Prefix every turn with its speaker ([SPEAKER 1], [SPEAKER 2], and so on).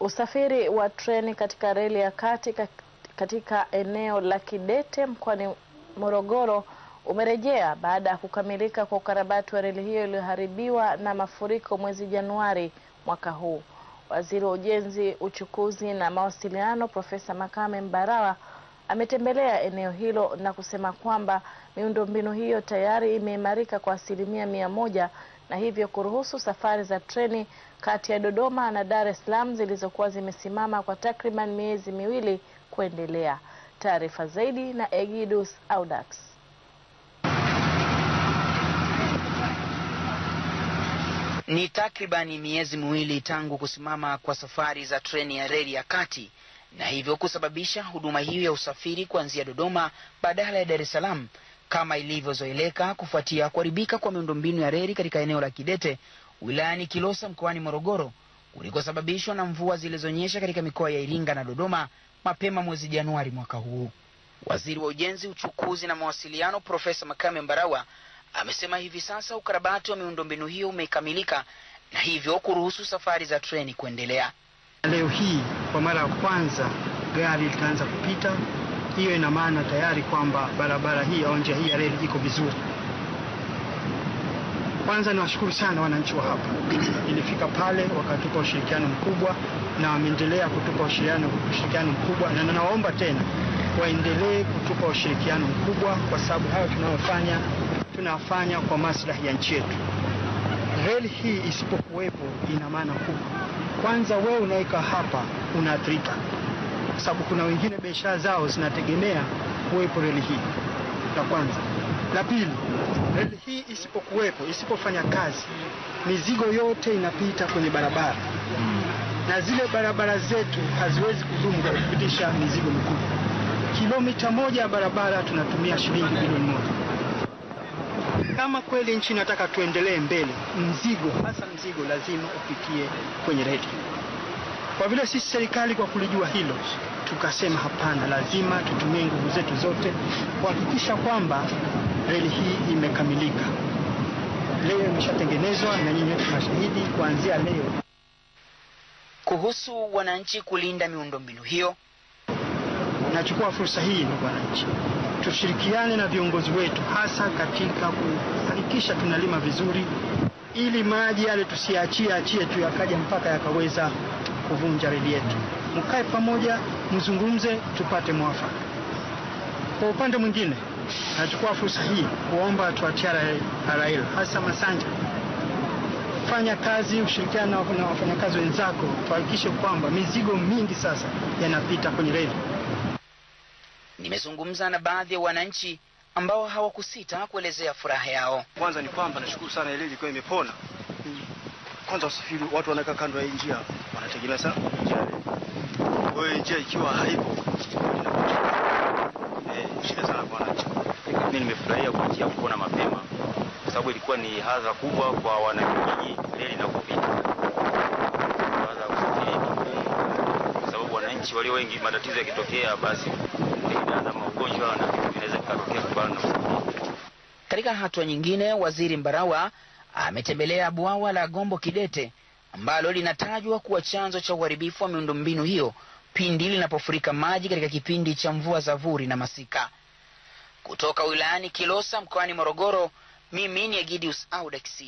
[SPEAKER 1] Usafiri wa treni katika reli ya kati katika eneo la Kidete mkoani Morogoro umerejea baada ya kukamilika kwa ukarabati wa reli hiyo iliyoharibiwa na mafuriko mwezi Januari mwaka huu. Waziri wa Ujenzi, Uchukuzi na Mawasiliano Profesa Makame Mbarawa ametembelea eneo hilo na kusema kwamba miundombinu hiyo tayari imeimarika kwa asilimia mia moja na hivyo kuruhusu safari za treni kati ya Dodoma na Dar es Salaam zilizokuwa zimesimama kwa takriban miezi miwili kuendelea. Taarifa zaidi na Egidus Audax.
[SPEAKER 2] Ni takribani miezi miwili tangu kusimama kwa safari za treni ya reli ya kati na hivyo kusababisha huduma hiyo ya usafiri kuanzia Dodoma badala ya Dar es Salaam kama ilivyozoeleka kufuatia kuharibika kwa miundombinu ya reli katika eneo la Kidete wilayani Kilosa mkoani Morogoro kulikosababishwa na mvua zilizonyesha katika mikoa ya Iringa na Dodoma mapema mwezi Januari mwaka huu. Waziri wa Ujenzi, Uchukuzi na Mawasiliano Profesa Makame Mbarawa amesema hivi sasa ukarabati wa miundombinu hiyo umekamilika na hivyo kuruhusu safari za treni kuendelea.
[SPEAKER 3] Leo hii kwa mara ya kwanza gari litaanza kupita hiyo ina maana tayari kwamba barabara hii au njia hii ya reli iko vizuri. Kwanza niwashukuru sana wananchi wa hapa, ilifika pale wakatupa ushirikiano mkubwa na wameendelea kutupa ushirikiano mkubwa, na nawaomba tena waendelee kutupa ushirikiano mkubwa, kwa sababu hayo tunayofanya tunafanya kwa maslahi ya nchi yetu. Reli hii isipokuwepo, ina maana kubwa. Kwanza wewe unaika hapa unaathirika kwa sababu kuna wengine biashara zao zinategemea kuwepo reli hii. La kwanza. La pili, reli hii isipokuwepo, isipofanya kazi, mizigo yote inapita kwenye barabara hmm. na zile barabara zetu haziwezi kudumu kwa kupitisha mizigo mikubwa. Kilomita moja ya barabara tunatumia shilingi bilioni moja. Kama kweli nchi inataka tuendelee mbele, mzigo hasa mzigo lazima upitie kwenye reli. Kwa vile sisi serikali kwa kulijua hilo, tukasema hapana, lazima tutumie nguvu zetu zote kuhakikisha kwamba reli hii imekamilika. Leo imeshatengenezwa na nyinyi mashahidi kuanzia leo.
[SPEAKER 2] Kuhusu wananchi kulinda miundombinu hiyo,
[SPEAKER 3] nachukua fursa hii, ndugu wananchi, tushirikiane na viongozi wetu, hasa katika kuhakikisha tunalima vizuri, ili maji yale tusiachie achie tu yakaja mpaka yakaweza kuvunja reli yetu. Mkae pamoja, mzungumze, tupate mwafaka. Kwa upande mwingine, nachukua fursa hii kuomba tuachie TRA hasa Masanja, fanya kazi, ushirikiana na wafanyakazi wenzako, tuhakikishe kwamba mizigo mingi sasa yanapita kwenye reli.
[SPEAKER 2] Nimezungumza na baadhi ya wananchi ambao hawakusita kuelezea furaha yao.
[SPEAKER 3] Kwanza ni kwamba nashukuru sana ile ilikuwa imepona. Mm. Kwanza usafiri, watu wanaweka kando ya njia anatekeleza njia. Kwa hiyo njia ikiwa haipo
[SPEAKER 4] eh, shida sana kwa wananchi. Mimi nimefurahia kwa njia kuona mapema, kwa sababu ilikuwa ni hadha kubwa kwa wanakijiji reli na kupita wananchi walio wengi, matatizo yakitokea, basi na magonjwa na vitu vinaweza vikatokea kubana.
[SPEAKER 2] Katika hatua nyingine, Waziri Mbarawa ametembelea bwawa la Gombo Kidete ambalo linatajwa kuwa chanzo cha uharibifu wa miundombinu hiyo pindi linapofurika maji katika kipindi cha mvua za vuri na masika. Kutoka wilayani Kilosa mkoani Morogoro, mimi ni Egidius Audax.